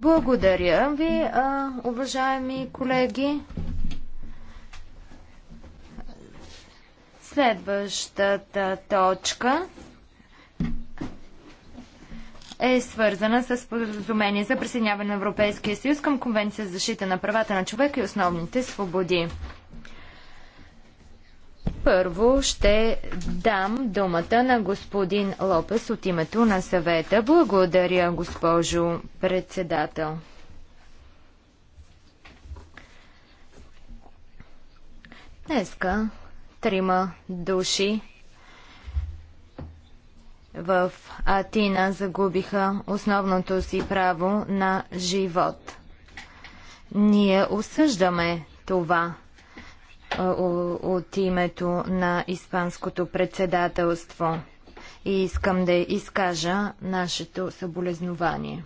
Благодаря ви, уважаеми колеги. Следващата точка е свързана с споразумение за присъединяване на Европейския съюз към Конвенция за защита на правата на човека и основните свободи. Първо ще дам думата на господин Лопес от името на съвета. Благодаря, госпожо председател. Днеска трима души в Атина загубиха основното си право на живот. Ние осъждаме това от името на Испанското председателство и искам да изкажа нашето съболезнование.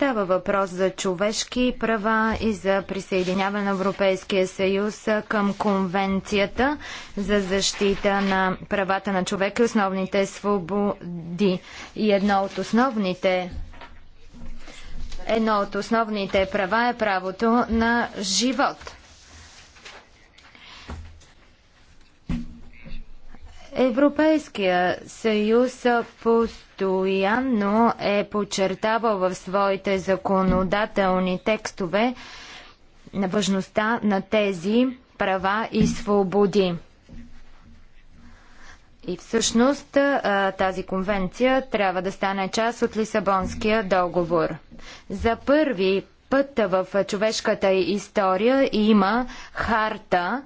Става въпрос за човешки права и за присъединяване на Европейския съюз към Конвенцията за защита на правата на човека и основните свободи. И едно от основните едно от основните права е правото на живот. Европейския съюз постоянно е подчертавал в своите законодателни текстове на важността на тези права и свободи. И всъщност тази конвенция трябва да стане част от Лисабонския договор. За първи път в човешката история има харта,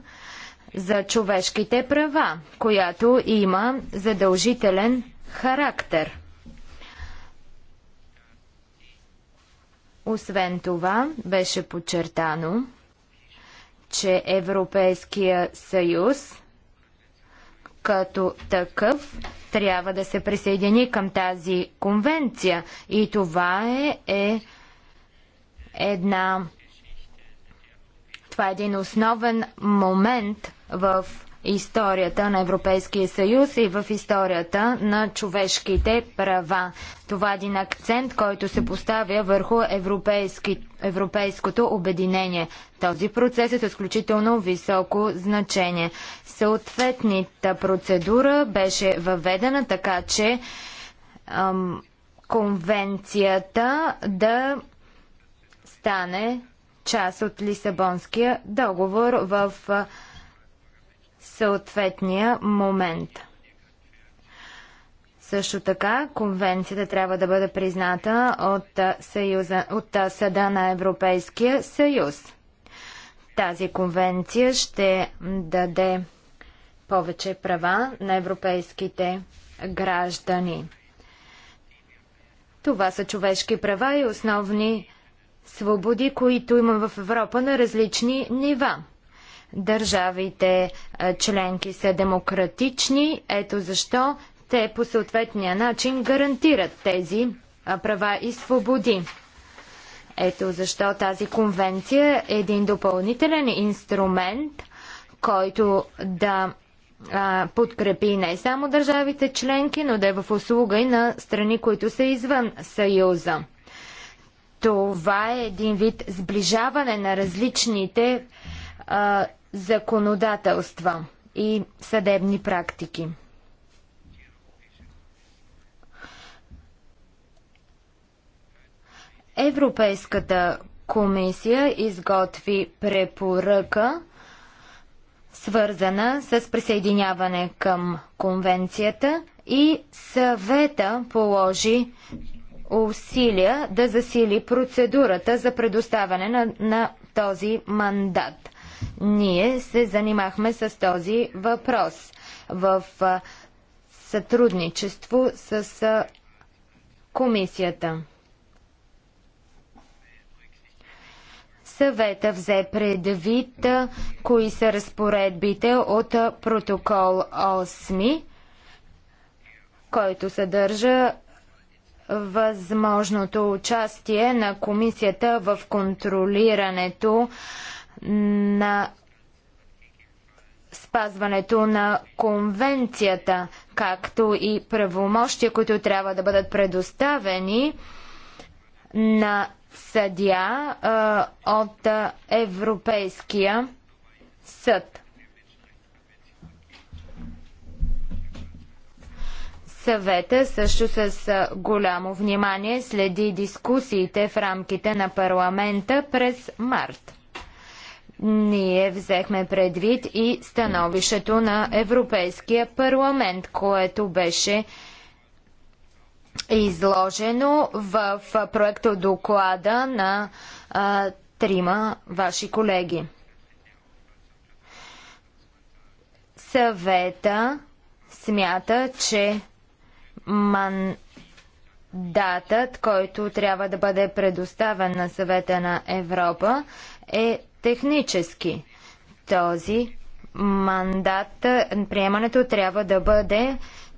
за човешките права, която има задължителен характер. Освен това, беше подчертано, че Европейския съюз като такъв трябва да се присъедини към тази конвенция. И това е, е една. Това е един основен момент в историята на Европейския съюз и в историята на човешките права. Това е един акцент, който се поставя върху европейското обединение. Този процес е с изключително високо значение. Съответната процедура беше въведена така, че ам, конвенцията да стане част от Лисабонския договор в а, съответния момент. Също така, конвенцията трябва да бъде призната от, съюза, от Съда на Европейския съюз. Тази конвенция ще даде повече права на европейските граждани. Това са човешки права и основни свободи, които има в Европа на различни нива. Държавите членки са демократични, ето защо те по съответния начин гарантират тези права и свободи. Ето защо тази конвенция е един допълнителен инструмент, който да а, подкрепи не само държавите членки, но да е в услуга и на страни, които са извън Съюза. Това е един вид сближаване на различните а, законодателства и съдебни практики. Европейската комисия изготви препоръка, свързана с присъединяване към конвенцията и съвета положи усилия да засили процедурата за предоставяне на, на този мандат. Ние се занимахме с този въпрос в сътрудничество с комисията. Съвета взе предвид кои са разпоредбите от протокол 8, който съдържа възможното участие на комисията в контролирането на спазването на конвенцията, както и правомощия, които трябва да бъдат предоставени на съдя а, от Европейския съд. Съвета също с голямо внимание следи дискусиите в рамките на парламента през март. Ние взехме предвид и становището на Европейския парламент, което беше изложено в проекто доклада на а, трима ваши колеги. Съвета смята, че датът, който трябва да бъде предоставен на съвета на Европа, е Технически този мандат, е, приемането трябва да бъде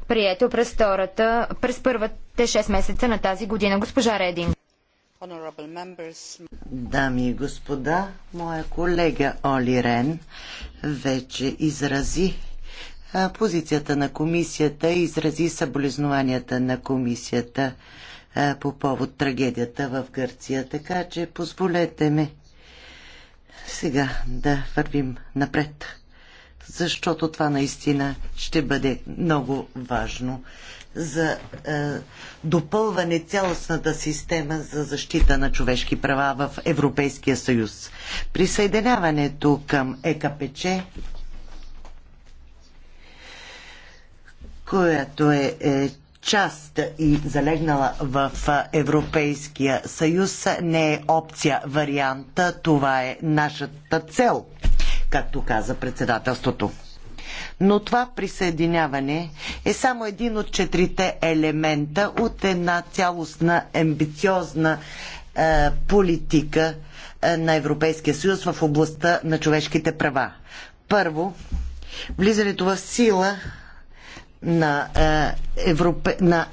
прието през, втората, през първите 6 месеца на тази година. Госпожа Редин. Дами и господа, моя колега Оли Рен вече изрази е, позицията на комисията и изрази съболезнованията на комисията е, по повод трагедията в Гърция. Така че позволете ми сега да вървим напред, защото това наистина ще бъде много важно за е, допълване цялостната система за защита на човешки права в Европейския съюз. Присъединяването към ЕКПЧ която е, е част и залегнала в Европейския съюз не е опция, варианта, Това е нашата цел, както каза председателството. Но това присъединяване е само един от четирите елемента от една цялостна, амбициозна е, политика е, на Европейския съюз в областта на човешките права. Първо, влизането в сила на, е, Европе... на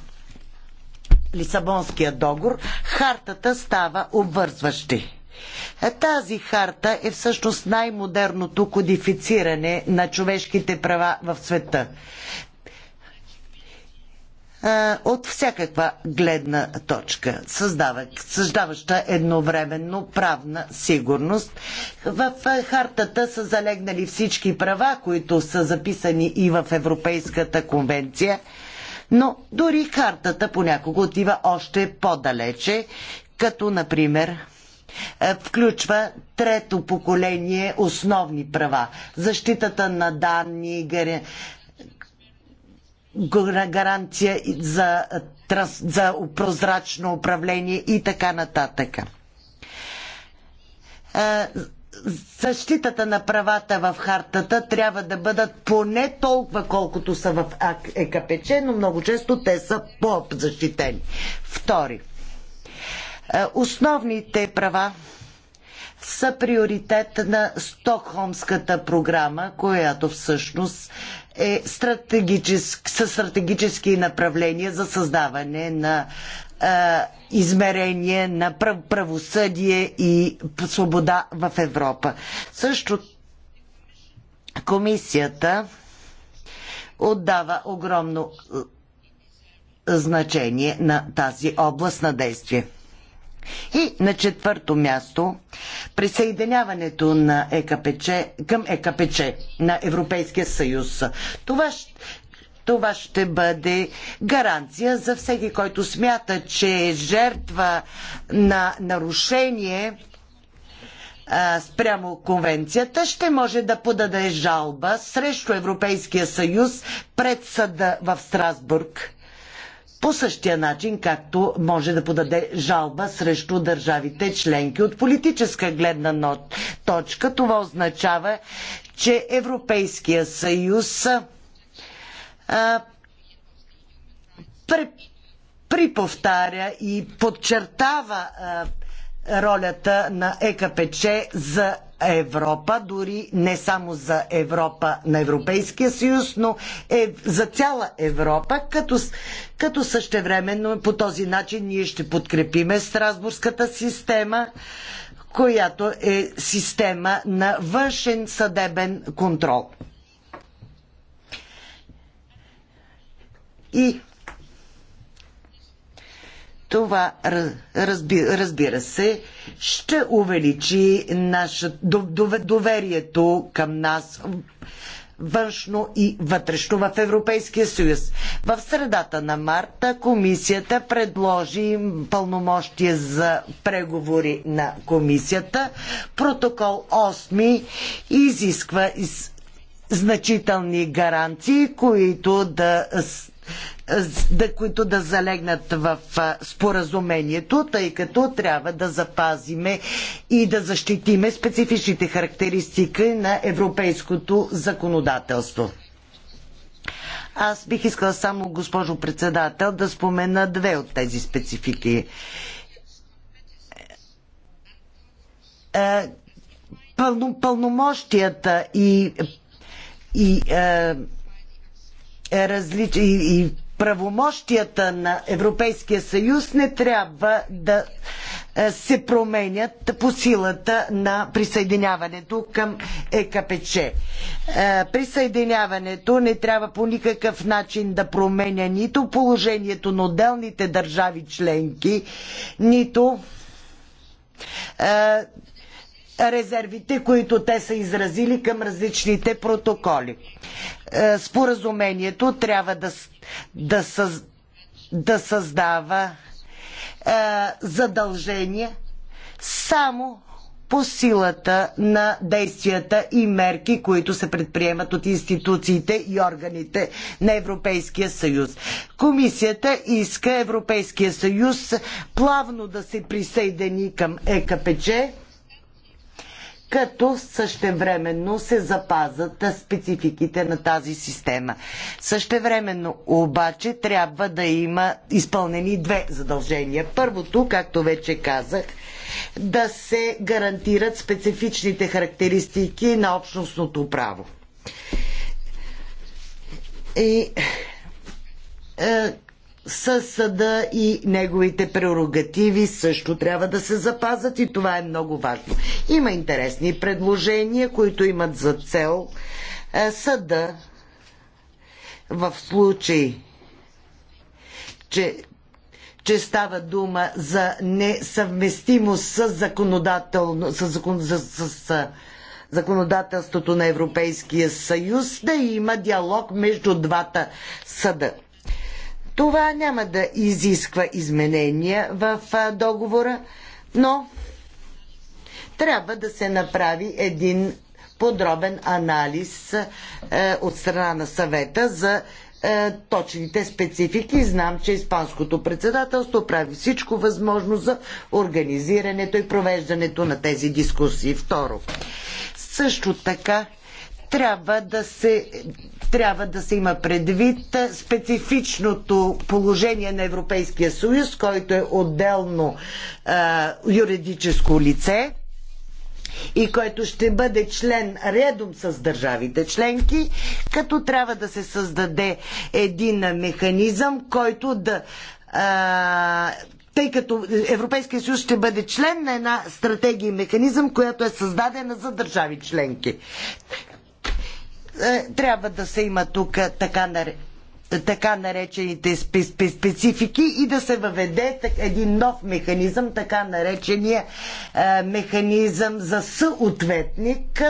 Лисабонския договор, хартата става обвързващи. Е, тази харта е всъщност най-модерното кодифициране на човешките права в света. Е, от всякаква гледна точка, създаваща едновременно правна сигурност. В е, хартата са залегнали всички права, които са записани и в Европейската конвенция, но дори хартата понякога отива още по-далече, като например е, включва трето поколение основни права. Защитата на данни, гаранция за, за прозрачно управление и така нататък. Защитата на правата в хартата трябва да бъдат поне толкова, колкото са в ЕКПЧ, но много често те са по-защитени. Втори. Основните права са приоритет на Стокхолмската програма, която всъщност е стратегически, са стратегически направления за създаване на измерение на правосъдие и свобода в Европа. Също комисията отдава огромно значение на тази област на действие. И на четвърто място присъединяването на ЕКПЧ към ЕКПЧ на Европейския съюз. Това ще това ще бъде гаранция за всеки, който смята, че е жертва на нарушение а, спрямо конвенцията, ще може да подаде жалба срещу Европейския съюз пред съда в Страсбург по същия начин, както може да подаде жалба срещу държавите членки. От политическа гледна точка това означава, че Европейския съюз а, приповтаря и подчертава а, ролята на ЕКПЧ за Европа, дори не само за Европа на Европейския съюз, но е за цяла Европа, като, като същевременно по този начин ние ще подкрепиме Страсбургската система, която е система на външен съдебен контрол. И това, разби, разбира се, ще увеличи наше, доверието към нас външно и вътрешно в Европейския съюз. В средата на марта комисията предложи пълномощие за преговори на комисията. Протокол 8 изисква из... значителни гаранции, които да да, които да залегнат в споразумението, тъй като трябва да запазиме и да защитиме специфичните характеристики на европейското законодателство. Аз бих искала само, госпожо председател, да спомена две от тези специфики. Е, пълно, пълномощията и, и е, е различ... и правомощията на Европейския съюз не трябва да е, се променят по силата на присъединяването към ЕКПЧ. Е, присъединяването не трябва по никакъв начин да променя нито положението на отделните държави членки, нито резервите, които те са изразили към различните протоколи. Е, споразумението трябва да, да, съз, да създава е, задължения само по силата на действията и мерки, които се предприемат от институциите и органите на Европейския съюз. Комисията иска Европейския съюз плавно да се присъедини към ЕКПЧ като същевременно се запазат спецификите на тази система. Същевременно обаче трябва да има изпълнени две задължения. Първото, както вече казах, да се гарантират специфичните характеристики на общностното право. И е, със съда и неговите прерогативи също трябва да се запазят и това е много важно. Има интересни предложения, които имат за цел е, съда в случай, че че става дума за несъвместимост с, законодателно, с, закон... с, с, с законодателството на Европейския съюз, да има диалог между двата съда. Това няма да изисква изменения в договора, но трябва да се направи един подробен анализ от страна на съвета за точните специфики. Знам, че Испанското председателство прави всичко възможно за организирането и провеждането на тези дискусии. Второ, също така трябва да се трябва да се има предвид специфичното положение на Европейския съюз, който е отделно а, юридическо лице и който ще бъде член редом с държавите членки, като трябва да се създаде един механизъм, който да а, тъй като Европейския съюз ще бъде член на една стратегия и механизъм, която е създадена за държави членки. Е, трябва да се има тук така така наречените специфики и да се въведе един нов механизъм, така наречения е, механизъм за съответник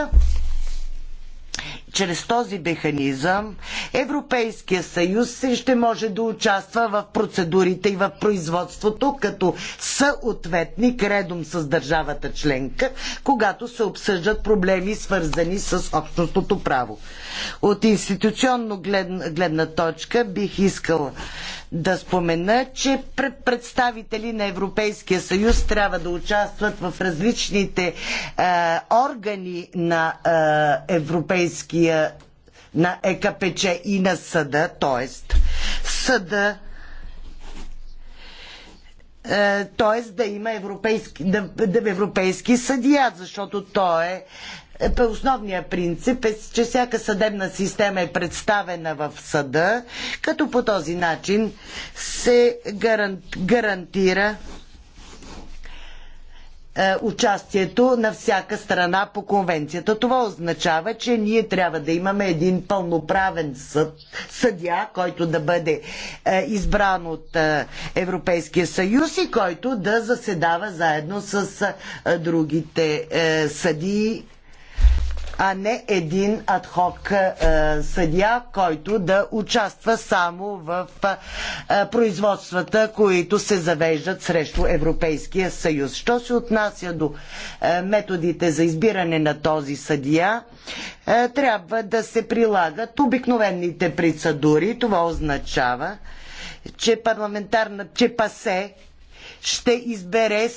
чрез този механизъм Европейския съюз ще може да участва в процедурите и в производството като съответник редом с държавата членка, когато се обсъждат проблеми свързани с общностното право. От институционно гледна, гледна точка бих искала да спомена, че представители на Европейския съюз трябва да участват в различните е, органи на е, Европейския действия на ЕКПЧ и на съда, т.е. съда е, т.е. да има европейски, да, да европейски съдия, защото то е, е основния принцип е, че всяка съдебна система е представена в съда, като по този начин се гарантира е, участието на всяка страна по конвенцията. Това означава, че ние трябва да имаме един пълноправен съд, съдя, който да бъде е, избран от е, Европейския съюз и който да заседава заедно с е, другите е, съдии а не един адхок е, съдия, който да участва само в е, производствата, които се завеждат срещу Европейския съюз. Що се отнася до е, методите за избиране на този съдия, трябва да се прилагат обикновените процедури. Това означава, че парламентарна, че ПАСЕ ще избере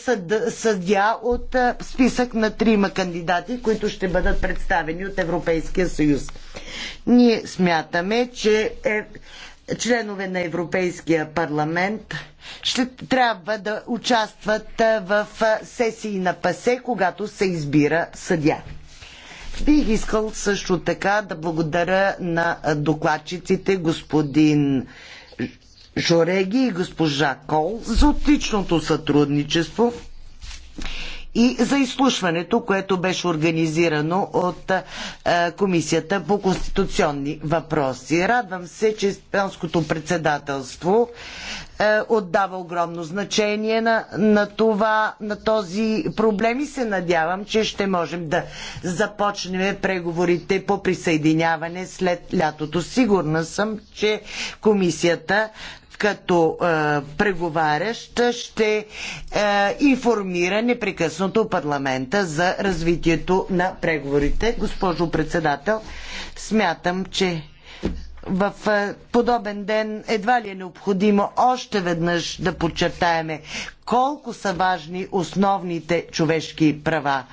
съдя от списък на трима кандидати, които ще бъдат представени от Европейския съюз. Ние смятаме, че е, членове на Европейския парламент ще трябва да участват в сесии на ПАСЕ, когато се избира съдя. Бих искал също така да благодаря на докладчиците господин Жореги и госпожа Кол за отличното сътрудничество и за изслушването, което беше организирано от е, Комисията по конституционни въпроси. Радвам се, че Испанското председателство е, отдава огромно значение на, на, това, на този проблем и се надявам, че ще можем да започнем преговорите по присъединяване след лятото. Сигурна съм, че комисията като е, преговарящ ще е, информира непрекъснато парламента за развитието на преговорите. Госпожо председател, смятам, че в е, подобен ден едва ли е необходимо още веднъж да подчертаеме колко са важни основните човешки права,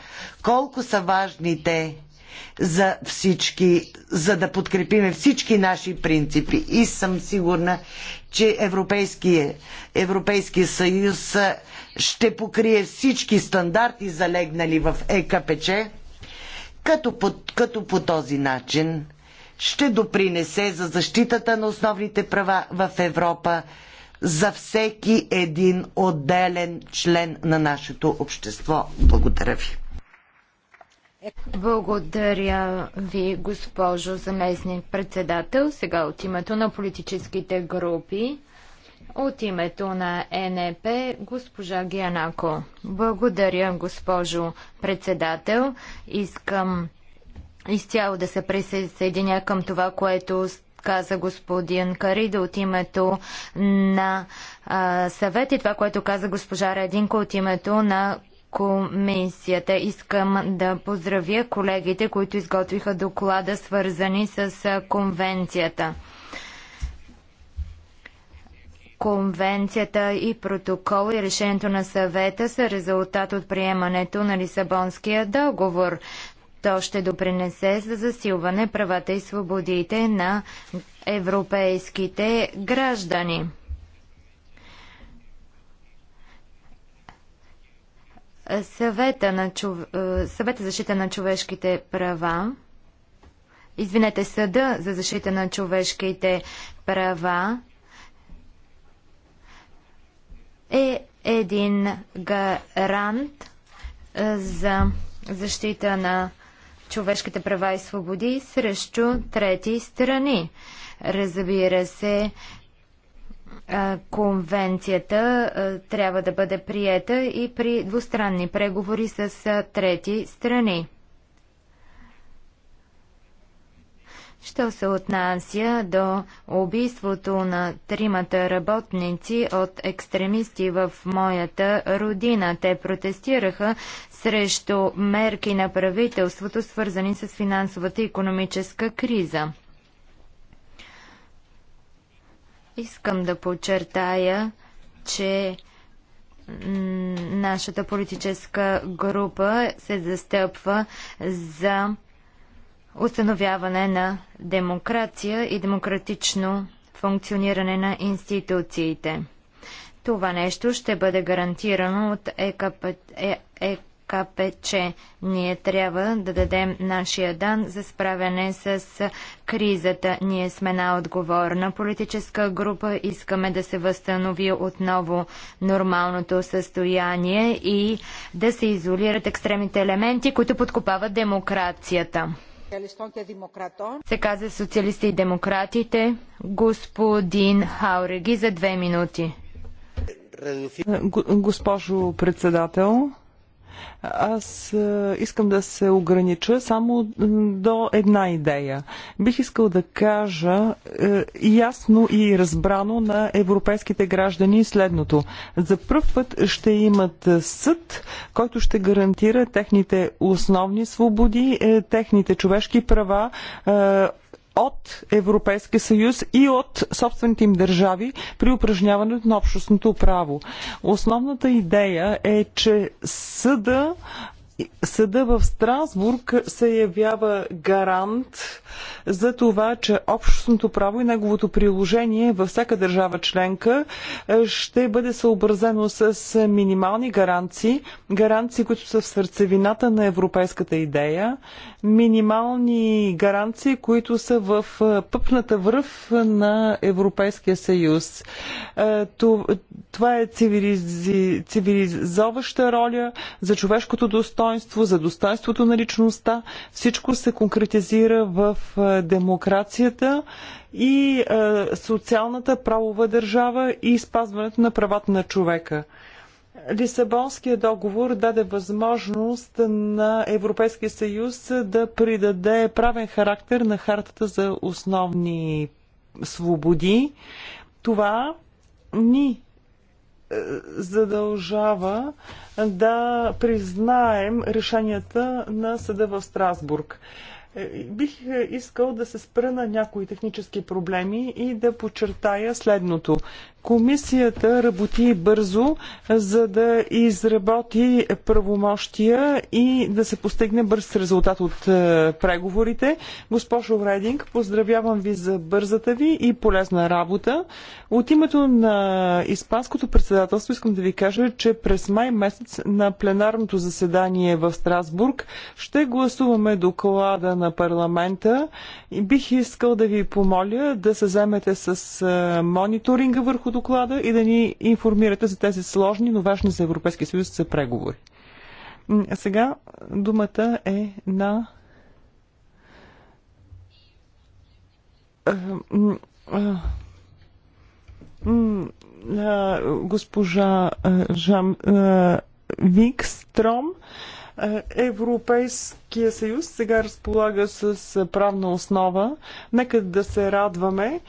колко са важните за всички, за да подкрепиме всички наши принципи. И съм сигурна, че Европейския, съюз ще покрие всички стандарти, залегнали в ЕКПЧ, като по, като по този начин ще допринесе за защитата на основните права в Европа за всеки един отделен член на нашето общество. Благодаря ви. Благодаря ви, госпожо заместник председател. Сега от името на политическите групи, от името на ЕНП, госпожа Гианако. Благодаря, госпожо председател. Искам изцяло да се присъединя към това, което каза господин Карида от името на а, съвет и това, което каза госпожа Радинко, от името на комисията. Искам да поздравя колегите, които изготвиха доклада, свързани с конвенцията. Конвенцията и протокол и решението на съвета са резултат от приемането на Лисабонския договор. То ще допринесе за засилване правата и свободите на европейските граждани. Съвета, на чов... Е, Съвета за защита на човешките права, извинете, Съда за защита на човешките права е един гарант е, за защита на човешките права и свободи срещу трети страни. Разбира се, Конвенцията трябва да бъде приета и при двустранни преговори с трети страни. Що се отнася до убийството на тримата работници от екстремисти в моята родина, те протестираха срещу мерки на правителството, свързани с финансовата и економическа криза. Искам да подчертая, че нашата политическа група се застъпва за установяване на демокрация и демократично функциониране на институциите. Това нещо ще бъде гарантирано от ЕКП, е, е че Ние трябва да дадем нашия дан за справяне с кризата. Ние сме на отговорна политическа група. Искаме да се възстанови отново нормалното състояние и да се изолират екстремните елементи, които подкопават демокрацията. Се каза социалисти и демократите. Господин Хауреги за две минути. Госпожо председател, аз е, искам да се огранича само до една идея. Бих искал да кажа е, ясно и разбрано на европейските граждани следното. За първ път ще имат съд, който ще гарантира техните основни свободи, е, техните човешки права, от Европейския съюз и от собствените им държави при упражняването на общностното право. Основната идея е, че съда Съда в Страсбург се явява гарант за това, че общностното право и неговото приложение във всяка държава членка е, ще бъде съобразено с минимални гаранции, гаранции, които са в сърцевината на европейската идея, минимални гаранции, които са в е, пъпната връв на Европейския съюз. Е, това е цивилизоваща роля за човешкото достоинство достоинство, за достоинството на личността. Всичко се конкретизира в демокрацията и социалната правова държава и спазването на правата на човека. Лисабонския договор даде възможност на Европейския съюз да придаде правен характер на хартата за основни свободи. Това ни е, задължава да признаем решенията на съда в Страсбург. Е, бих е, искал да се спра на някои технически проблеми и да подчертая следното. Комисията работи бързо, за да изработи правомощия и да се постигне бърз резултат от е, преговорите. Госпожо Рединг, поздравявам ви за бързата ви и полезна работа. От името на Испанското председателство искам да ви кажа, че през май месец на пленарното заседание в Страсбург ще гласуваме доклада на парламента. Бих искал да ви помоля да се вземете с е, мониторинга върху доклада и да ни информирате за тези сложни, но важни за Европейския съюз за преговори. А сега думата е на госпожа Жан Викстром, европейска Европейския съюз сега разполага с правна основа. Нека да се радваме.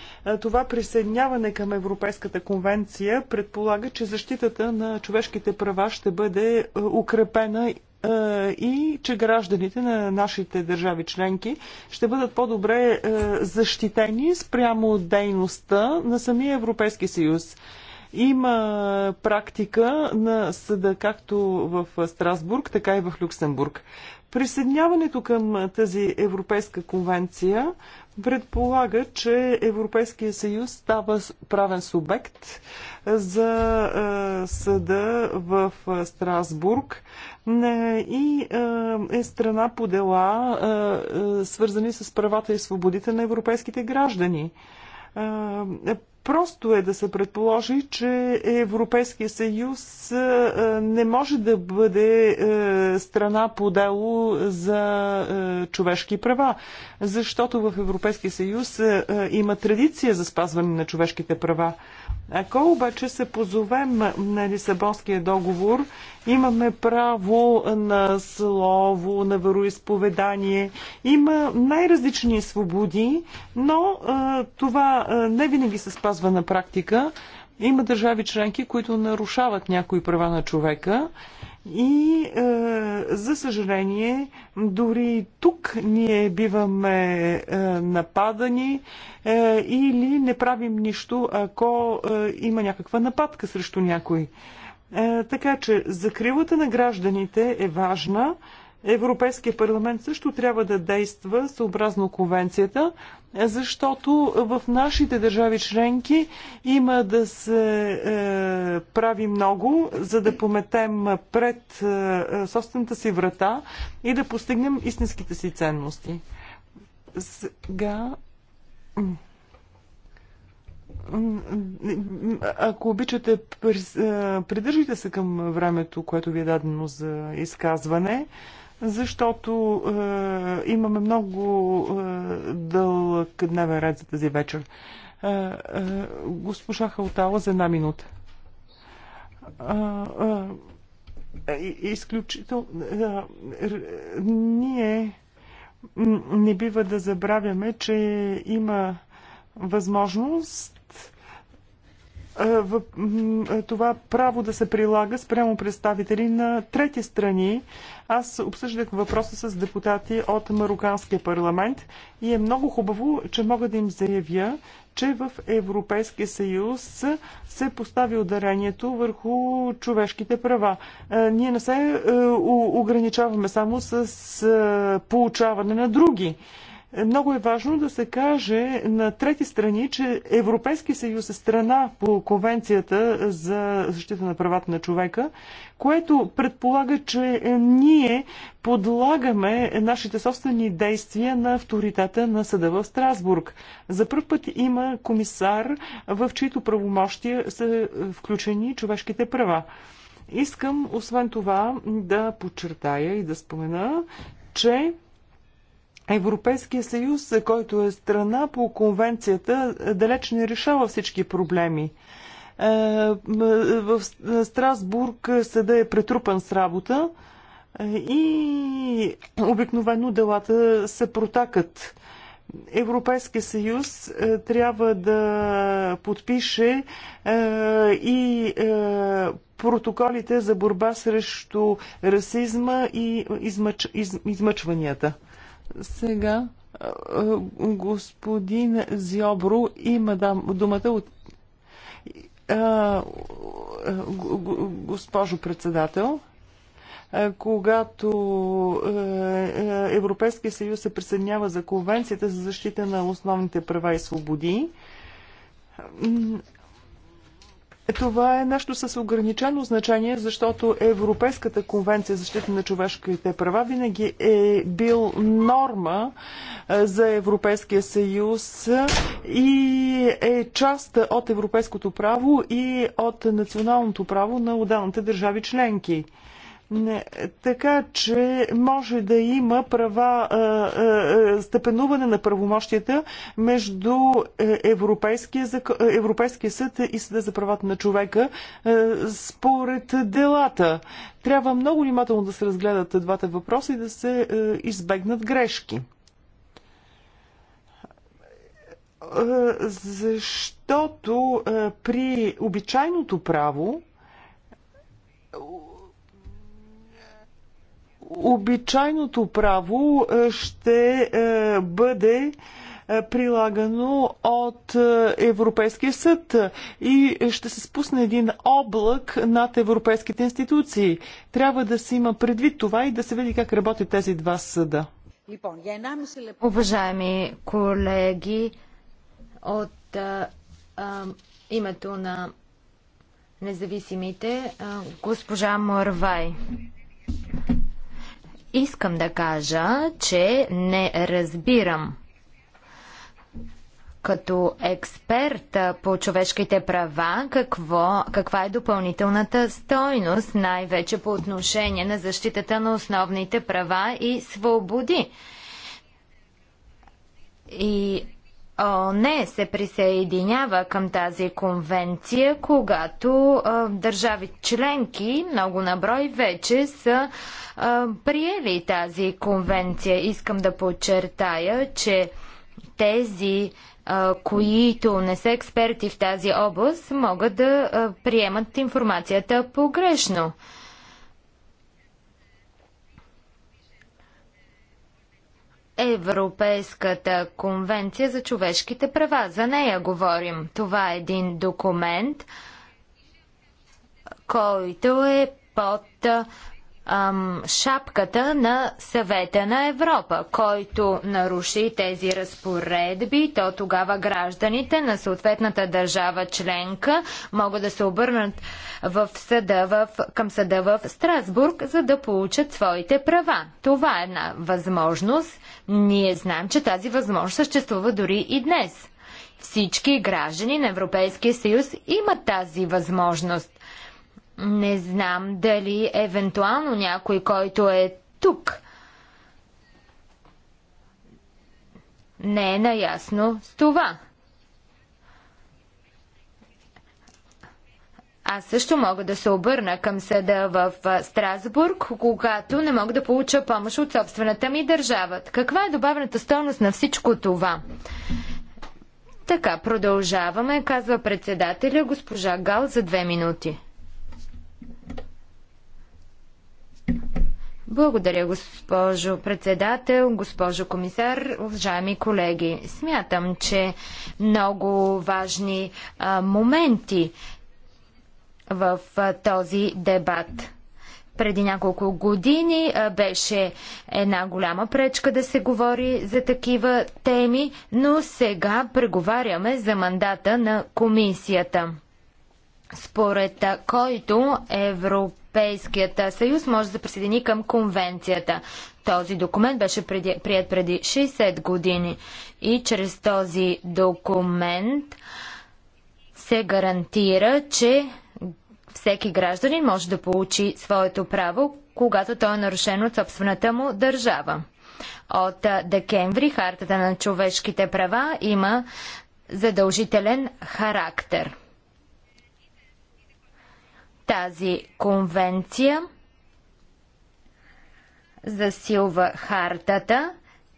Това присъединяване към Европейската конвенция предполага, че защитата на човешките права ще бъде укрепена и че гражданите на нашите държави членки ще бъдат по-добре защитени спрямо дейността на самия Европейски съюз. Има практика на съда както в Страсбург, така и в Люксембург. Присъединяването към тази Европейска конвенция предполага, че Европейския съюз става правен субект за съда в Страсбург и е страна по дела, свързани с правата и свободите на европейските граждани Просто е да се предположи, че Европейския съюз не може да бъде страна по дело за човешки права, защото в Европейския съюз има традиция за спазване на човешките права. Ако обаче се позовем на Лисабонския договор, имаме право на слово, на вероисповедание. Има най-различни свободи, но а, това а, не винаги се спазва на практика. Има държави членки, които нарушават някои права на човека и, е, за съжаление, дори тук ние биваме е, нападани е, или не правим нищо, ако е, има някаква нападка срещу някой. Е, така че закрилата на гражданите е важна. Европейския парламент също трябва да действа съобразно конвенцията, защото в нашите държави членки има да се е, прави много, за да пометем пред е, собствената си врата и да постигнем истинските си ценности. Сега. Ако обичате, е, придържайте се към времето, което ви е дадено за изказване защото е, имаме много е, дълъг дневен ред за тази вечер. Е, е, госпожа Халтала за една минута. Е, е, изключително. Е, е, ние не бива да забравяме, че има възможност това право да се прилага спрямо представители на трети страни. Аз обсъждах въпроса с депутати от Марокканския парламент и е много хубаво, че мога да им заявя, че в Европейския съюз се постави ударението върху човешките права. Ние не се е, ограничаваме само с е, получаване на други. Много е важно да се каже на трети страни, че Европейски съюз е страна по Конвенцията за защита на правата на човека, което предполага, че ние подлагаме нашите собствени действия на авторитета на съда в Страсбург. За първ път има комисар, в чието правомощия са включени човешките права. Искам, освен това, да подчертая и да спомена, че Европейския съюз, който е страна по конвенцията, далеч не решава всички проблеми. Е, в Страсбург съда е претрупан с работа е, и обикновено делата се протакат. Европейския съюз е, трябва да подпише и протоколите за борба срещу расизма и измъч, измъчванията. Сега господин Зиобро мадам думата от госпожо председател когато Европейския съюз се присъединява за Конвенцията за защита на основните права и свободи. Това е нещо с ограничено значение, защото Европейската конвенция за защита на човешките права винаги е бил норма е, за Европейския съюз и е част от европейското право и от националното право на отделните държави членки. Не, така че може да има права, степенуване на правомощията между е, Европейския, Европейския съд и Съда за правата на човека според делата. Трябва много внимателно да се разгледат двата въпроса и да се избегнат грешки. Защото при обичайното право обичайното право е, ще е, бъде е, прилагано от Европейския съд и ще се спусне един облак над европейските институции. Трябва да се има предвид това и да се види как работят тези два съда. Уважаеми колеги, от а, а, името на независимите, а, госпожа Морвай. Искам да кажа, че не разбирам като експерт по човешките права, какво, каква е допълнителната стойност, най-вече по отношение на защитата на основните права и свободи? И ООН се присъединява към тази конвенция, когато а, държави членки, много наброй, вече са а, приели тази конвенция. Искам да подчертая, че тези, а, които не са експерти в тази област, могат да а, приемат информацията погрешно. Европейската конвенция за човешките права. За нея говорим. Това е един документ, който е под ам, шапката на съвета на Европа, който наруши тези разпоредби, то тогава гражданите на съответната държава членка могат да се обърнат в съда в, към съда в Страсбург, за да получат своите права. Това е една възможност. Ние знаем, че тази възможност съществува дори и днес. Всички граждани на Европейския съюз имат тази възможност не знам дали евентуално някой, който е тук, не е наясно с това. Аз също мога да се обърна към съда в Страсбург, когато не мога да получа помощ от собствената ми държава. Каква е добавената стойност на всичко това? Така, продължаваме, казва председателя госпожа Гал за две минути. Благодаря, госпожо председател, госпожо комисар, уважаеми колеги. Смятам, че много важни а, моменти в а, този дебат. Преди няколко години а, беше една голяма пречка да се говори за такива теми, но сега преговаряме за мандата на комисията, според който Европа Европейският съюз може да се присъедини към конвенцията. Този документ беше преди, прият преди 60 години и чрез този документ се гарантира, че всеки гражданин може да получи своето право, когато то е нарушено от собствената му държава. От декември Хартата на човешките права има задължителен характер. Тази конвенция засилва хартата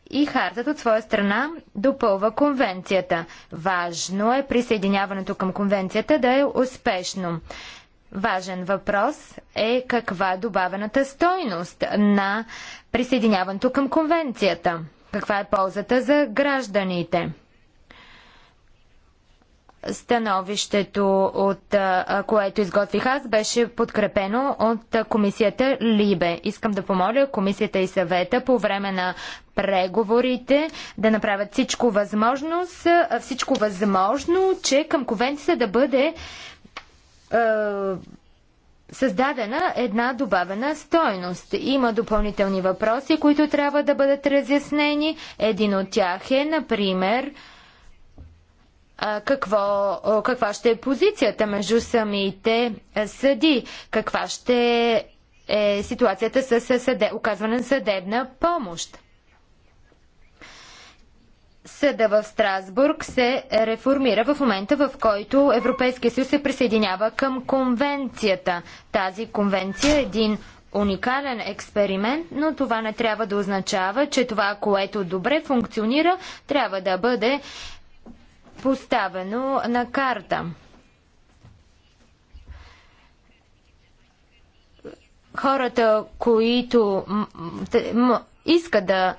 и хартата от своя страна допълва конвенцията. Важно е присъединяването към конвенцията да е успешно. Важен въпрос е каква е добавената стойност на присъединяването към конвенцията. Каква е ползата за гражданите? Становището, от което изготвих аз, беше подкрепено от комисията Либе. Искам да помоля комисията и съвета по време на преговорите да направят всичко възможно, всичко възможно, че към конвенцията да бъде създадена една добавена стойност. Има допълнителни въпроси, които трябва да бъдат разяснени. Един от тях е, например, какво, каква ще е позицията между самите е, съди, каква ще е ситуацията с съде, оказване на съдебна помощ. Съда в Страсбург се реформира в момента, в който Европейския съюз се присъединява към конвенцията. Тази конвенция е един уникален експеримент, но това не трябва да означава, че това, което добре функционира, трябва да бъде поставено на карта. Хората, които искат да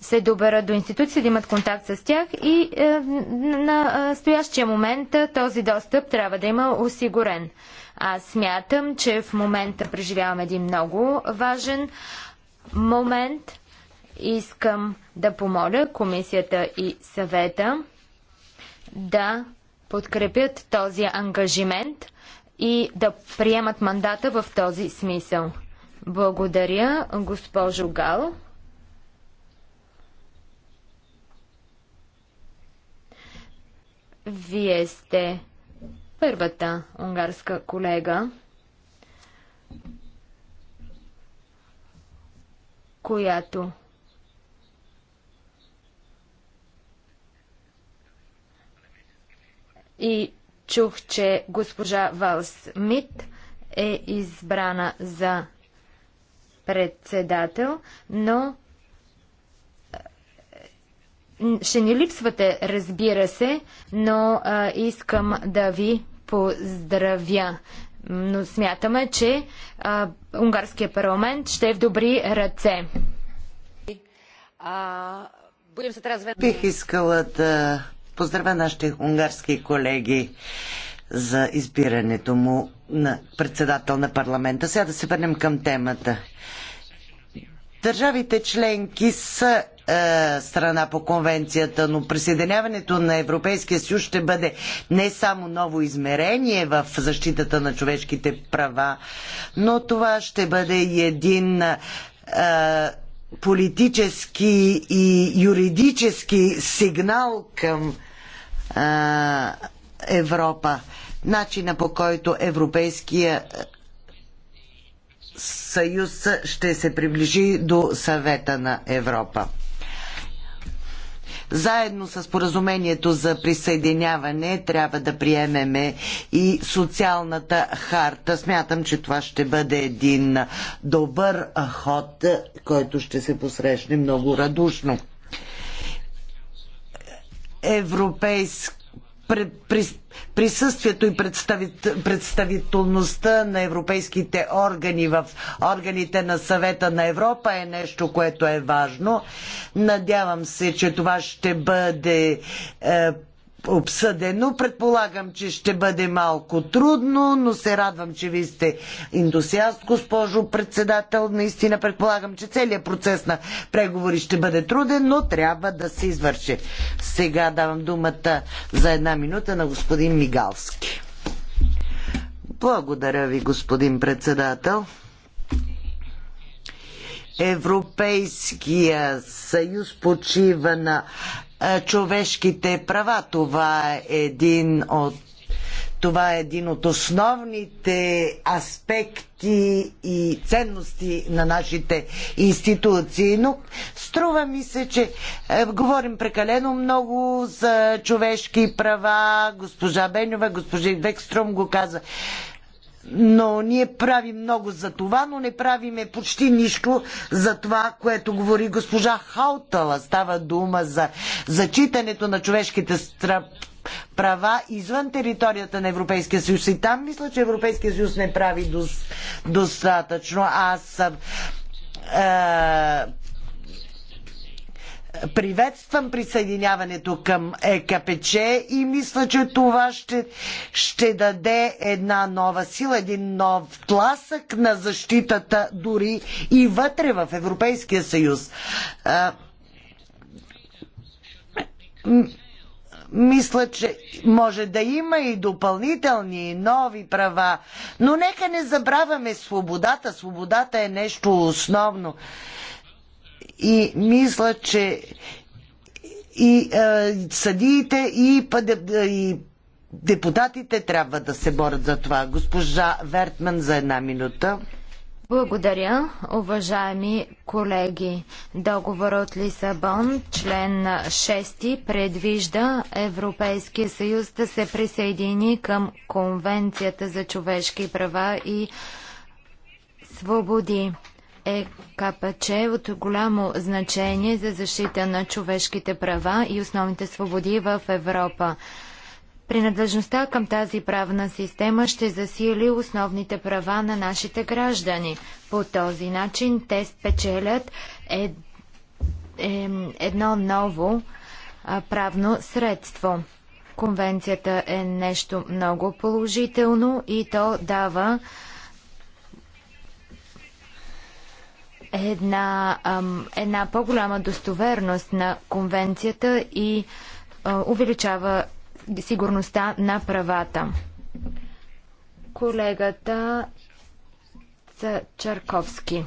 се доберат до институция, да имат контакт с тях и е, на е, стоящия момент е, този достъп трябва да има осигурен. Аз смятам, че в момента преживявам един много важен момент. Искам да помоля комисията и съвета да подкрепят този ангажимент и да приемат мандата в този смисъл. Благодаря, госпожо Гал. Вие сте първата унгарска колега, която и чух, че госпожа Валс Мит е избрана за председател, но е, ще ни липсвате, разбира се, но а, е, искам да ви поздравя. Но смятаме, че а, е, унгарския парламент ще е в добри ръце. Бих искала да поздравя нашите унгарски колеги за избирането му на председател на парламента. Сега да се върнем към темата. Държавите членки са е, страна по конвенцията, но присъединяването на Европейския съюз ще бъде не само ново измерение в защитата на човешките права, но това ще бъде и един е, политически и юридически сигнал към а, Европа. Начина по който Европейския съюз ще се приближи до съвета на Европа. Заедно с поразумението за присъединяване трябва да приемеме и социалната харта. Смятам, че това ще бъде един добър ход, който ще се посрещне много радушно. Европейски присъствието и представителността на европейските органи в органите на съвета на Европа е нещо, което е важно. Надявам се, че това ще бъде е, обсъдено. Предполагам, че ще бъде малко трудно, но се радвам, че вие сте ентусиаст, госпожо председател. Наистина предполагам, че целият процес на преговори ще бъде труден, но трябва да се извърши. Сега давам думата за една минута на господин Мигалски. Благодаря ви, господин председател. Европейския съюз почива на човешките права. Това е един от това е един от основните аспекти и ценности на нашите институции. Но струва ми се, че е, говорим прекалено много за човешки права. Госпожа Бенева, госпожа Векстром го каза но ние правим много за това, но не правиме почти нищо за това, което говори госпожа Хаутала. Става дума за зачитането на човешките права извън територията на Европейския съюз. И там мисля, че Европейския съюз не прави достатъчно. Аз е, приветствам присъединяването към ЕКПЧ и мисля, че това ще, ще даде една нова сила, един нов тласък на защитата дори и вътре в Европейския съюз. А, мисля, че може да има и допълнителни, нови права, но нека не забравяме свободата. Свободата е нещо основно. И мисля, че и а, съдиите, и, и депутатите трябва да се борят за това. Госпожа Вертман за една минута. Благодаря, уважаеми колеги. Договор от Лисабон, член 6, предвижда Европейския съюз да се присъедини към Конвенцията за човешки права и свободи. ЕКПЧ е от голямо значение за защита на човешките права и основните свободи в Европа. Принадлежността към тази правна система ще засили основните права на нашите граждани. По този начин те спечелят ед... е, едно ново а, правно средство. Конвенцията е нещо много положително и то дава а, една, една по-голяма достоверност на конвенцията и увеличава сигурността на правата. Колегата Църковски.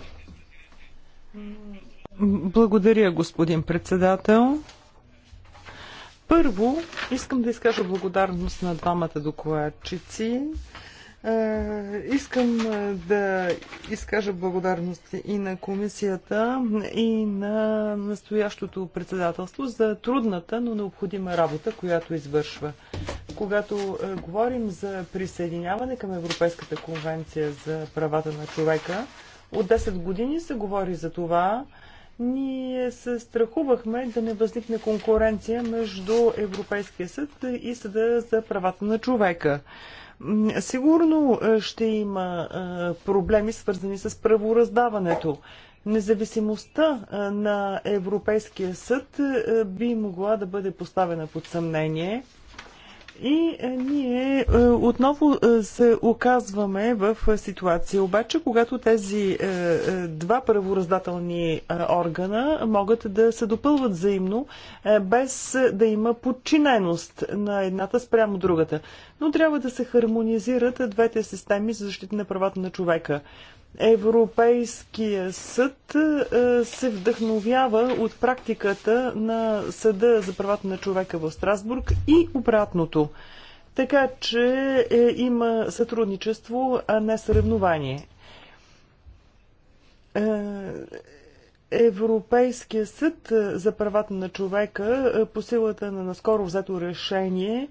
Благодаря, господин председател. Първо, искам да изкажа благодарност на двамата докладчици е, искам е, да изкажа благодарност и на комисията, и на настоящото председателство за трудната, но необходима работа, която извършва. Когато е, говорим за присъединяване към Европейската конвенция за правата на човека, от 10 години се говори за това, ние се страхувахме да не възникне конкуренция между Европейския съд и Съда за правата на човека. Сигурно е, ще има е, проблеми, свързани с правораздаването. Независимостта е, на Европейския съд би могла да бъде поставена под съмнение. И е, ние е, отново е, се оказваме в ситуация, обаче, когато тези два правораздателни органа могат да се допълват взаимно, без да има подчиненост на едната спрямо другата. Но трябва да се хармонизират двете системи за защита на правата на човека. Европейския съд е, се вдъхновява от практиката на Съда за правата на човека в Страсбург и обратното. Така че е, има сътрудничество, а не съревнование. Е, Европейския съд за правата на човека е, по силата на наскоро взето решение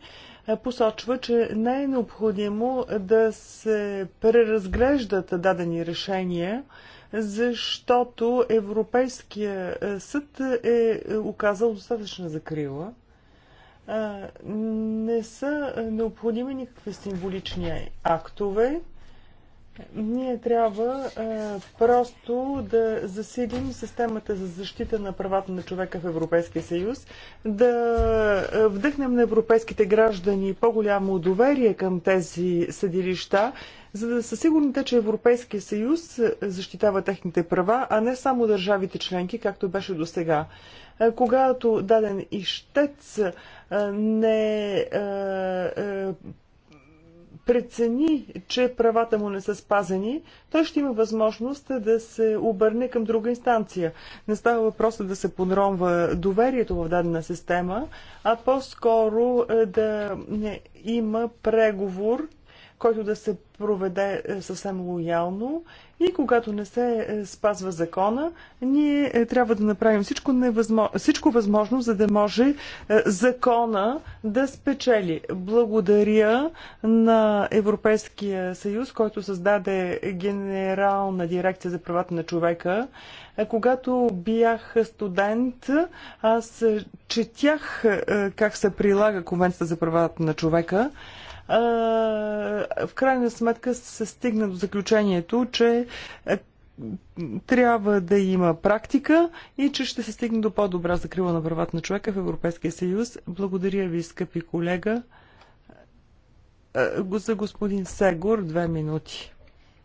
е, посочва, че не е необходимо да се преразглеждат дадени решения, защото Европейския е, съд е, е оказал достатъчна закрила. Не са необходими никакви символични актове. Ние трябва е, просто да засилим системата за защита на правата на човека в Европейския съюз, да вдъхнем на европейските граждани по-голямо доверие към тези съдилища, за да са сигурни те, че Европейския съюз защитава техните права, а не само държавите членки, както беше до сега. Когато даден ищец не прецени, че правата му не са спазени, той ще има възможност да се обърне към друга инстанция. Не става въпроса да се подронва доверието в дадена система, а по-скоро е, да има преговор който да се проведе е, съвсем лоялно и когато не се е, спазва закона, ние е, трябва да направим всичко, невъзможно, всичко възможно, за да може закона да спечели. Благодаря на Европейския съюз, който създаде Генерална дирекция за правата на човека. Когато бях студент, аз четях как се прилага Конвенцията за правата на човека в крайна сметка се стигна до заключението, че е, трябва да има практика и че ще се стигне до по-добра закрила на правата на човека в Европейския съюз. Благодаря ви, скъпи колега. Е, за господин Сегор, две минути.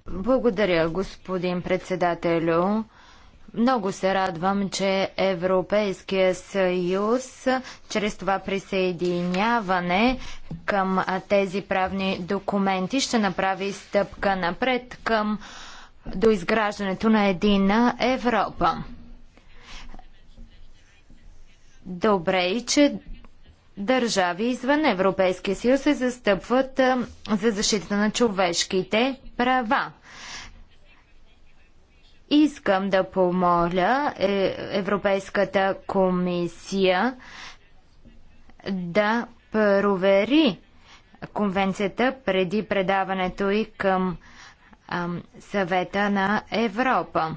Благодаря, господин председателю. Много се радвам, че Европейския съюз чрез това присъединяване към тези правни документи ще направи стъпка напред към до изграждането на едина Европа. Добре и че държави извън Европейския съюз се застъпват за защита на човешките права. Искам да помоля е, Европейската комисия да провери конвенцията преди предаването и към ам, съвета на Европа.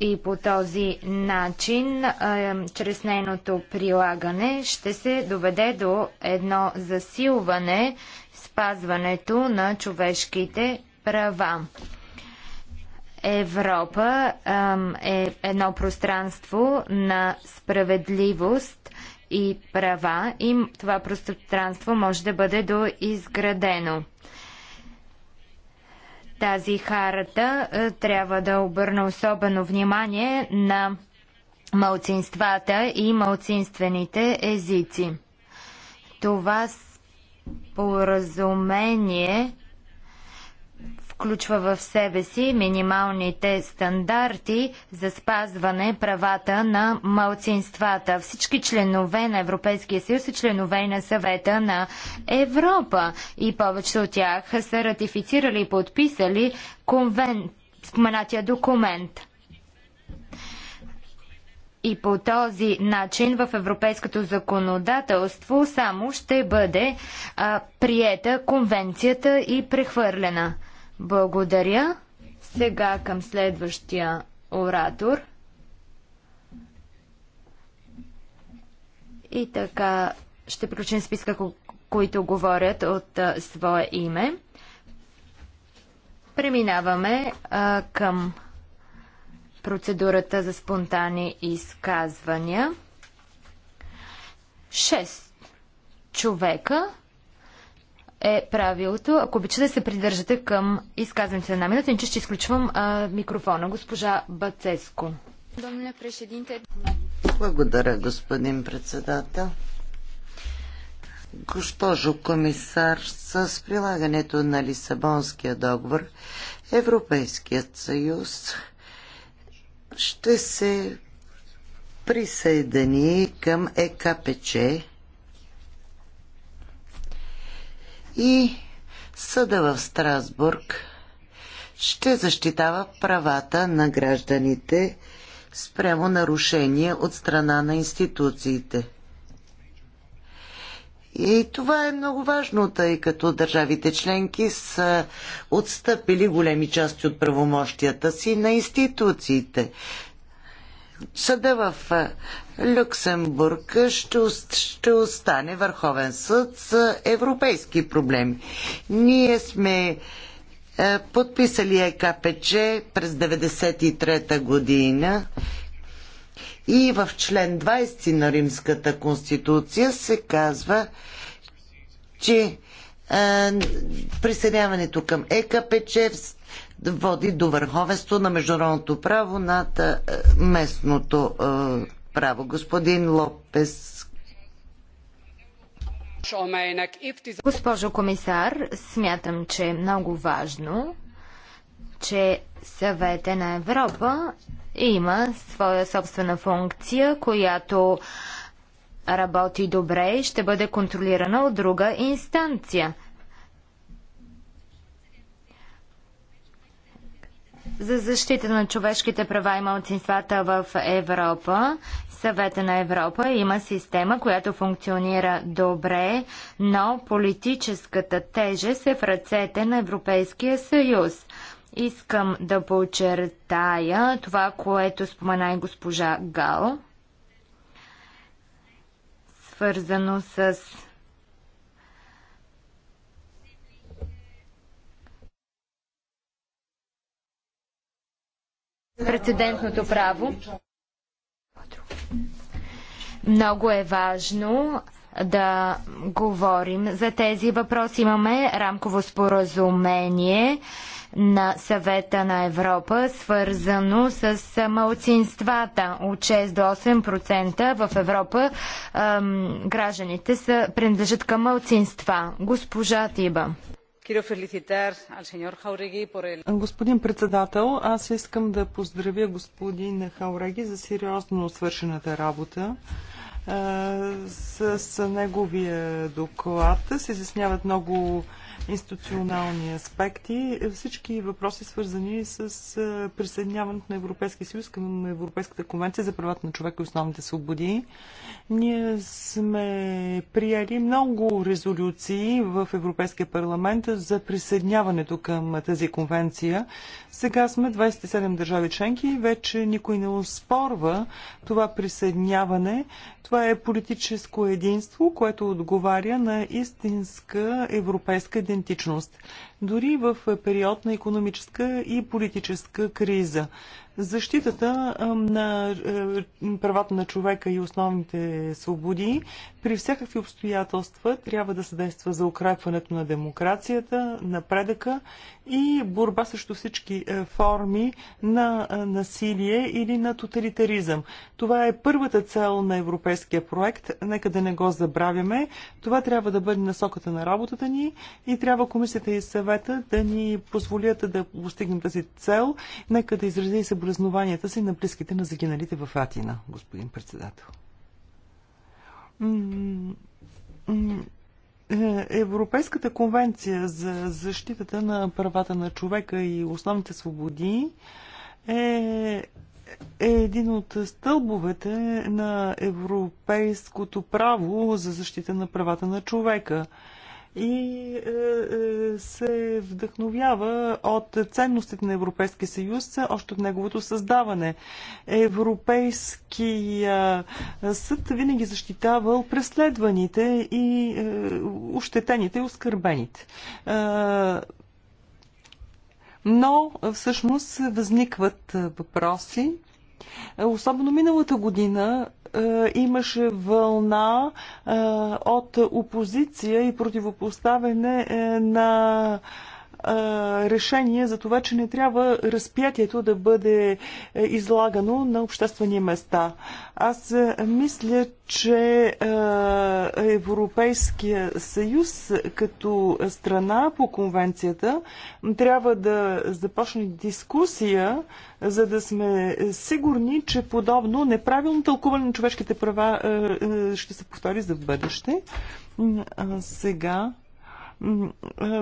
И по този начин, ам, чрез нейното прилагане, ще се доведе до едно засилване спазването на човешките права. Европа е едно пространство на справедливост и права и това пространство може да бъде доизградено. Тази харата е, трябва да обърна особено внимание на малцинствата и малцинствените езици. Това споразумение включва в себе си минималните стандарти за спазване правата на малцинствата. Всички членове на Европейския съюз са членове на съвета на Европа и повече от тях са ратифицирали и подписали конвен... споменатия документ. И по този начин в европейското законодателство само ще бъде а, приета конвенцията и прехвърлена. Благодаря. Сега към следващия оратор. И така ще приключим списка, които говорят от а, свое име. Преминаваме а, към процедурата за спонтани изказвания. Шест човека е правилото. Ако обичате да се придържате към изказването на минута, иначе ще изключвам а, микрофона. Госпожа Бацеско. Благодаря, господин председател. Госпожо комисар, с прилагането на Лисабонския договор Европейският съюз ще се присъедини към ЕКПЧ, и съда в Страсбург ще защитава правата на гражданите спрямо нарушение от страна на институциите. И това е много важно, тъй като държавите членки са отстъпили големи части от правомощията си на институциите съда в Люксембург ще, ще остане върховен съд с европейски проблеми. Ние сме подписали ЕКПЧ през 1993 година и в член 20 на Римската конституция се казва, че присъединяването към ЕКПЧ води до върховенство на международното право над е, местното е, право. Господин Лопес. Госпожо комисар, смятам, че е много важно, че съвета на Европа има своя собствена функция, която работи добре и ще бъде контролирана от друга инстанция – за защита на човешките права и малцинствата в Европа. Съвета на Европа има система, която функционира добре, но политическата тежест е в ръцете на Европейския съюз. Искам да подчертая това, което спомена и госпожа Гал, свързано с прецедентното право. Много е важно да говорим за тези въпроси. Имаме рамково споразумение на съвета на Европа, свързано с малцинствата от 6 до 8% в Европа. Ем, гражданите са, принадлежат към малцинства. Госпожа Тиба. Господин председател, аз искам да поздравя господин Хауреги за сериозно свършената работа. Е, с неговия доклад се изясняват много институционални аспекти, всички въпроси свързани с присъединяването на Европейския съюз към Европейската конвенция за правата на човека и основните свободи. Ние сме приели много резолюции в Европейския парламент за присъединяването към тази конвенция. Сега сме 27 държави членки и вече никой не успорва това присъединяване. Това е политическо единство, което отговаря на истинска европейска идентичност идентичност, дори в период на економическа и политическа криза защитата на е, правата на човека и основните свободи при всякакви обстоятелства трябва да се действа за укрепването на демокрацията, напредъка и борба срещу всички е, форми на е, насилие или на тоталитаризъм. Това е първата цел на европейския проект. Нека да не го забравяме. Това трябва да бъде насоката на работата ни и трябва комисията и съвета да ни позволят да постигнем тази цел. Нека да изрази и се съболезнованията си на близките на загиналите в Атина, господин председател. Е, Европейската конвенция за защитата на правата на човека и основните свободи е е един от стълбовете на европейското право за защита на правата на човека и е, е, се вдъхновява от ценностите на Европейския съюз, още от неговото създаване. Европейския е, съд винаги защитавал преследваните и ощетените и оскърбените но всъщност възникват въпроси. Особено миналата година е, имаше вълна е, от опозиция и противопоставяне е, на решение за това, че не трябва разпятието да бъде е, излагано на обществени места. Аз е, мисля, че Европейския съюз като страна по конвенцията трябва да започне дискусия, за да сме сигурни, че подобно неправилно тълкуване на човешките права е, ще се повтори за в бъдеще. Сега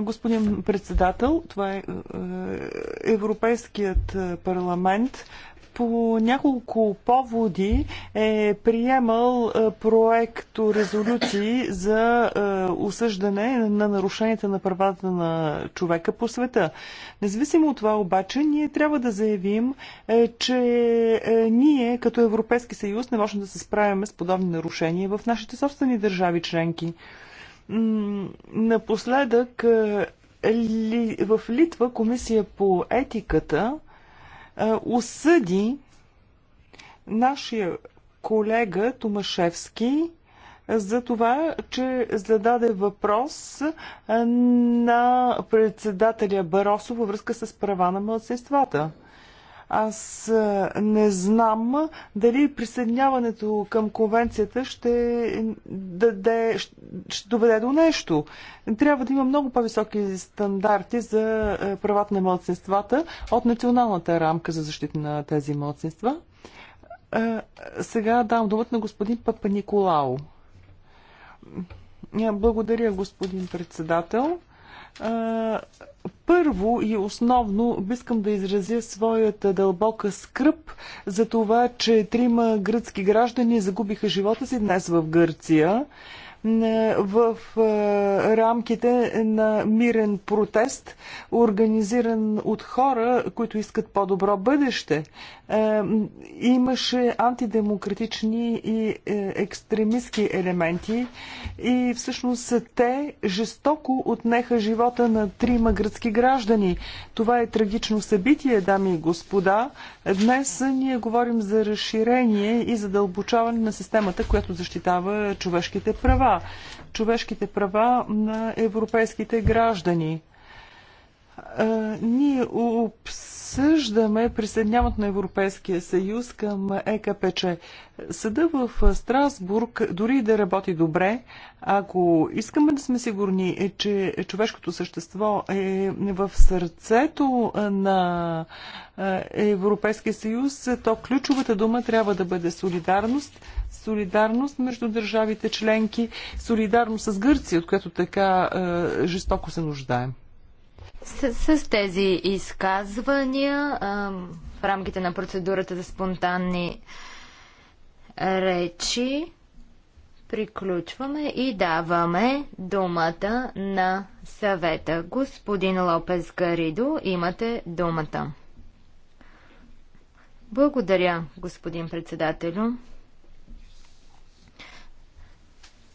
Господин председател, това е, е Европейският е, парламент по няколко поводи е приемал е, проекто резолюции за осъждане на нарушенията на правата на човека по света. Независимо от това обаче, ние трябва да заявим, че ние като Европейски съюз не можем да се справяме с подобни нарушения в нашите собствени държави членки. Напоследък е, в Литва комисия по етиката е, осъди нашия колега Томашевски за това, че зададе въпрос е, на председателя Баросо във връзка с права на младсинствата. Аз не знам дали присъединяването към конвенцията ще, даде, ще доведе до нещо. Трябва да има много по-високи стандарти за правата на младсинствата от националната рамка за защита на тези младсинства. Сега дам думата на господин Папа Николао. Благодаря, господин председател. Първо и основно искам да изразя своята дълбока скръп за това, че трима гръцки граждани загубиха живота си днес в Гърция в рамките на мирен протест, организиран от хора, които искат по-добро бъдеще. Имаше антидемократични и е, екстремистски елементи и всъщност те жестоко отнеха живота на трима гръцки граждани. Това е трагично събитие, дами и господа. Днес ние говорим за разширение и задълбочаване на системата, която защитава човешките права човешките права на европейските граждани ние обсъждаме присъединяването на Европейския съюз към ЕКПЧ. Съда в Страсбург, дори да работи добре, ако искаме да сме сигурни, е, че човешкото същество е в сърцето на Европейския съюз, то ключовата дума трябва да бъде солидарност, солидарност между държавите членки, солидарност с Гърция, от която така жестоко се нуждаем. С, с тези изказвания а, в рамките на процедурата за спонтанни речи приключваме и даваме думата на съвета. Господин Лопес Гаридо, имате думата. Благодаря, господин председателю.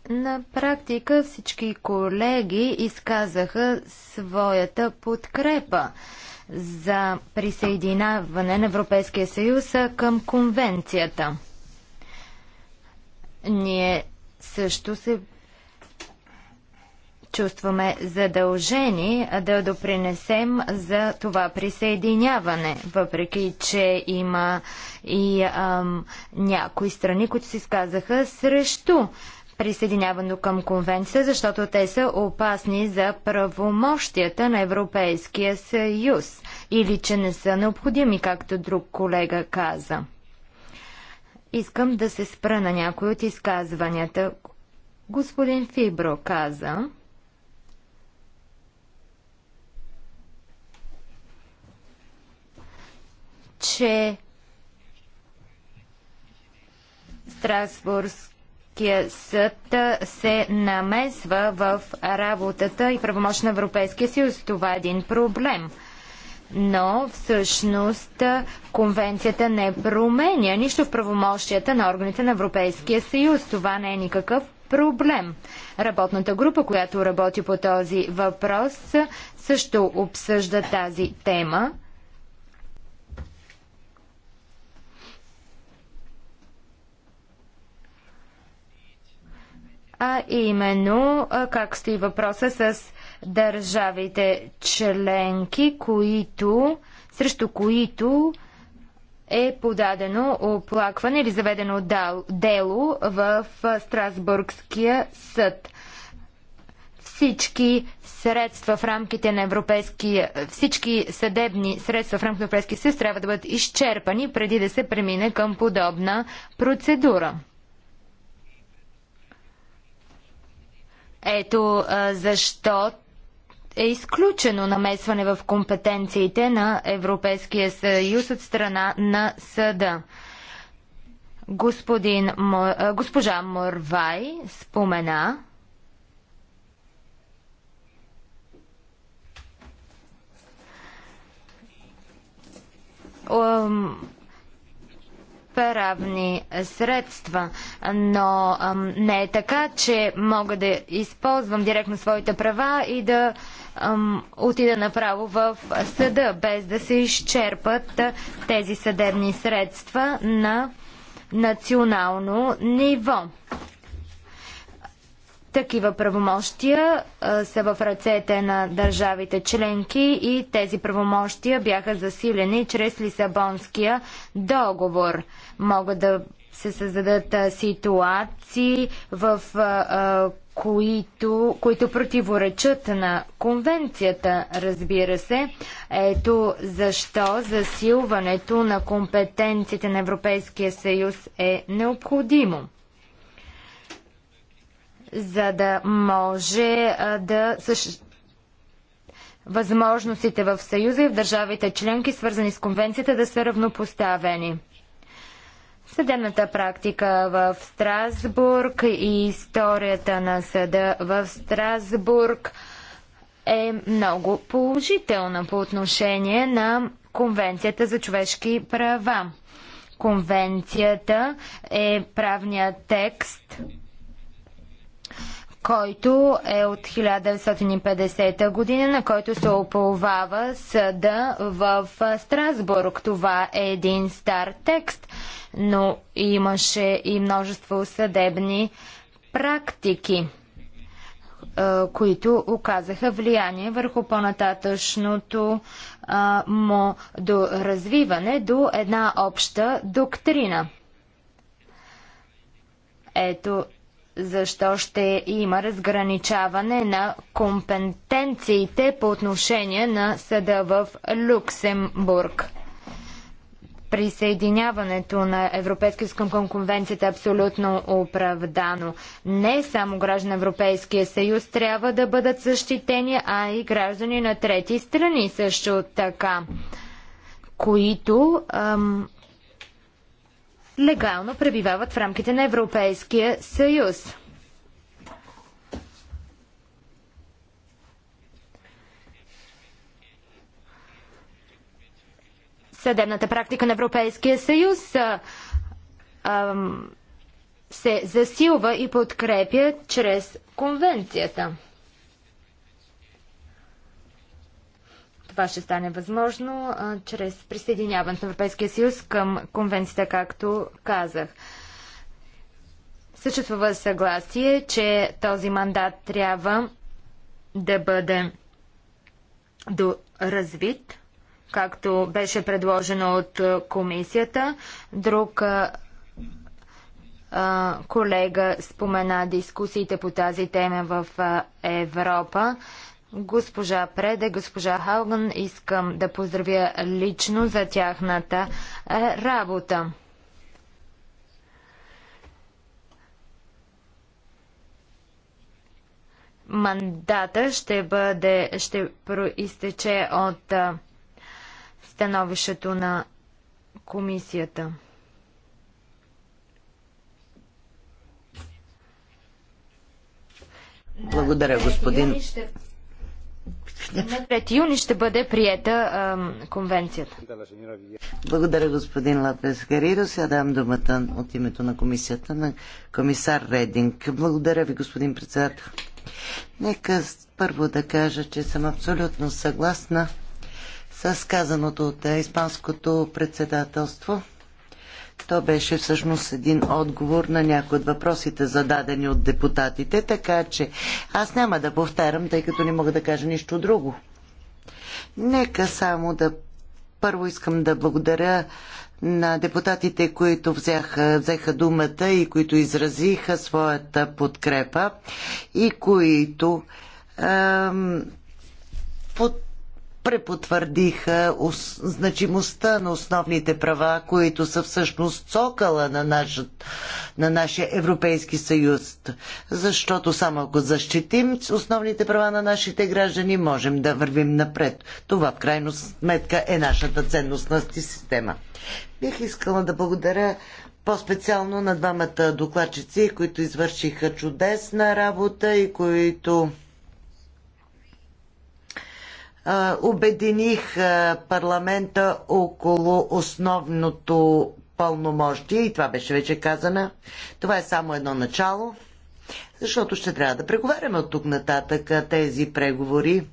На практика всички колеги изказаха своята подкрепа за присъединяване на Европейския съюз към конвенцията. Ние също се чувстваме задължени да допринесем за това присъединяване, въпреки че има и ам, някои страни, които се изказаха срещу присъединяването към конвенция, защото те са опасни за правомощията на Европейския съюз или че не са необходими, както друг колега каза. Искам да се спра на някои от изказванията. Господин Фибро каза, че Страсбургск Европейския съд се намесва в работата и правомощ на Европейския съюз. Това е един проблем. Но всъщност конвенцията не променя нищо в правомощията на органите на Европейския съюз. Това не е никакъв проблем. Работната група, която работи по този въпрос, също обсъжда тази тема. а именно как стои въпроса с държавите членки, които, срещу които е подадено оплакване или заведено дело в Страсбургския съд. Всички средства в рамките на Европейския, всички съдебни средства в рамките на Европейския съюз трябва да бъдат изчерпани преди да се премине към подобна процедура. Ето защо е изключено намесване в компетенциите на Европейския съюз от страна на съда. Господин, госпожа Морвай спомена, равни средства, но ам, не е така, че мога да използвам директно своите права и да ам, отида направо в съда, без да се изчерпат тези съдебни средства на национално ниво. Такива правомощия а, са в ръцете на държавите членки и тези правомощия бяха засилени чрез Лисабонския договор. Могат да се създадат а, ситуации, в а, които, които противоречат на конвенцията, разбира се. Ето защо засилването на компетенциите на Европейския съюз е необходимо за да може да възможностите в Съюза и в държавите членки, свързани с конвенцията, да са равнопоставени. Съдебната практика в Страсбург и историята на съда в Страсбург е много положителна по отношение на Конвенцията за човешки права. Конвенцията е правният текст, който е от 1950 година, на който се оплувава съда в Страсбург. Това е един стар текст, но имаше и множество съдебни практики, е, които оказаха влияние върху по-нататъчното е, му до развиване до една обща доктрина. Ето защо ще има разграничаване на компетенциите по отношение на съда в Люксембург. Присъединяването на Европейския съюз към конвенцията е абсолютно оправдано. Не само граждани на Европейския съюз трябва да бъдат защитени, а и граждани на трети страни също така, които ам, легално пребивават в рамките на Европейския съюз. Съдебната практика на Европейския съюз а, а, се засилва и подкрепя чрез конвенцията. Това ще стане възможно а, чрез присъединяването на Европейския съюз към конвенцията, както казах. Съществува съгласие, че този мандат трябва да бъде доразвит, както беше предложено от комисията. Друг а, колега спомена дискусиите по тази тема в Европа. Госпожа Преде, госпожа Халган, искам да поздравя лично за тяхната е, работа. Мандата ще бъде, ще проистече от е, становището на комисията. Благодаря, господин. На 3 юни ще бъде приета а, конвенцията. Благодаря, господин Лапес Гариро. Сега дам думата от името на комисията на комисар Рединг. Благодаря ви, господин председател. Нека първо да кажа, че съм абсолютно съгласна с казаното от Испанското председателство – то беше всъщност един отговор на някои от въпросите, зададени от депутатите, така че аз няма да повтарям, тъй като не мога да кажа нищо друго. Нека само да. Първо искам да благодаря на депутатите, които взеха, взеха думата и които изразиха своята подкрепа и които ем, под препотвърдиха значимостта на основните права, които са всъщност цокъла на, наш, на нашия Европейски съюз. Защото само ако защитим основните права на нашите граждани, можем да вървим напред. Това в крайна сметка е нашата ценностна система. Бих искала да благодаря по-специално на двамата докладчици, които извършиха чудесна работа и които обединих парламента около основното пълномощие и това беше вече казано. Това е само едно начало, защото ще трябва да преговаряме от тук нататък тези преговори.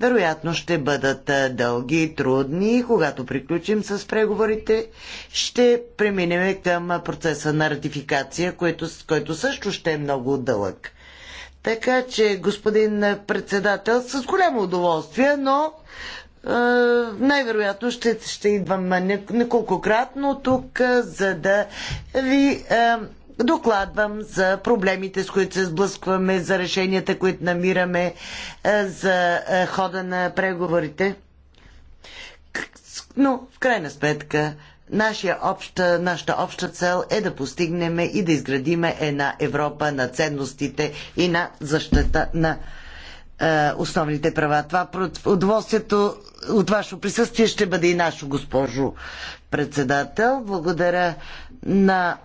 Вероятно ще бъдат дълги и трудни. Когато приключим с преговорите, ще преминем към процеса на ратификация, който, който също ще е много дълъг. Така че, господин председател, с голямо удоволствие, но е, най-вероятно ще, ще идвам неколкократно тук, е, за да ви е, докладвам за проблемите, с които се сблъскваме, за решенията, които намираме, е, за е, хода на преговорите. Но, в крайна сметка, Нашия обща, нашата обща цел е да постигнем и да изградим една Европа на ценностите и на защита на е, основните права. Това удоволствието от вашето присъствие ще бъде и нашо, госпожо председател. Благодаря на